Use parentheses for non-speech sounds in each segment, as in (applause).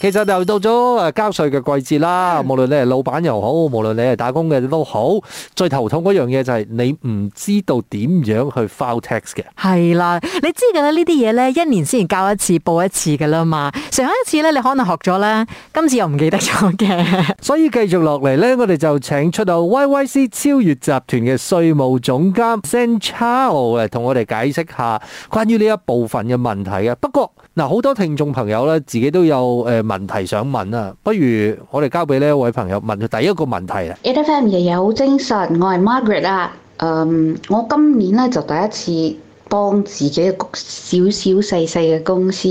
其實就到咗誒交稅嘅季節啦，無論你係老闆又好，無論你係打工嘅都好，最頭痛嗰樣嘢就係你唔知道點樣去 file tax 嘅。係啦，你知嘅啦，呢啲嘢呢一年先交一次、報一次嘅啦嘛。上一次呢你可能學咗咧，今次又唔記得咗嘅。 (laughs) 所以繼續落嚟呢我哋就請出到 YYC 超越集團嘅稅務總監 Zen Chow 嚟同我哋解釋下關於呢一部分嘅問題啊。不過，嗱，好多聽眾朋友咧，自己都有誒問題想問啊，不如我哋交俾呢一位朋友問佢第一個問題啦。FM 日日好精神，我係 Margaret 啦。嗯、um,，我今年咧就第一次幫自己嘅小小細細嘅公司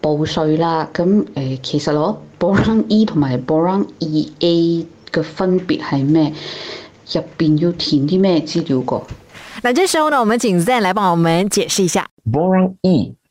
報稅啦。咁誒，其實攞 Borang E 同埋 Borang EA 嘅分別係咩？入邊要填啲咩資料個？嗱，即時候呢，我們請 Zen 來幫我們解釋一下。Borang E。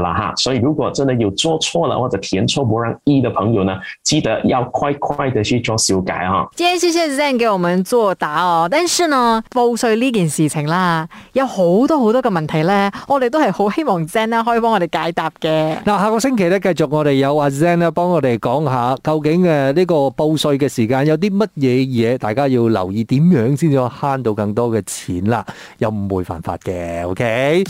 啦哈，所以如果真係要做錯了或者填錯冇人意嘅朋友呢，記得要快快哋去做修改啊！今日謝謝 Zen 給我們作答哦，但是呢，報稅呢件事情啦，有好多好多嘅問題呢，我哋都係好希望 Zen 呢可以幫我哋解答嘅。嗱，下個星期呢繼續我哋有阿 Zen 呢幫我哋講下究竟誒呢個報稅嘅時間有啲乜嘢嘢，大家要留意點樣先至慳到更多嘅錢啦，又唔會犯法嘅，OK？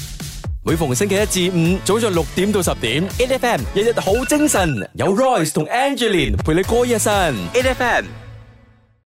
每逢星期一至五，早上六點到十點，A F M 日日好精神，有 Royce 同 Angelina 陪你過一晨，A F M。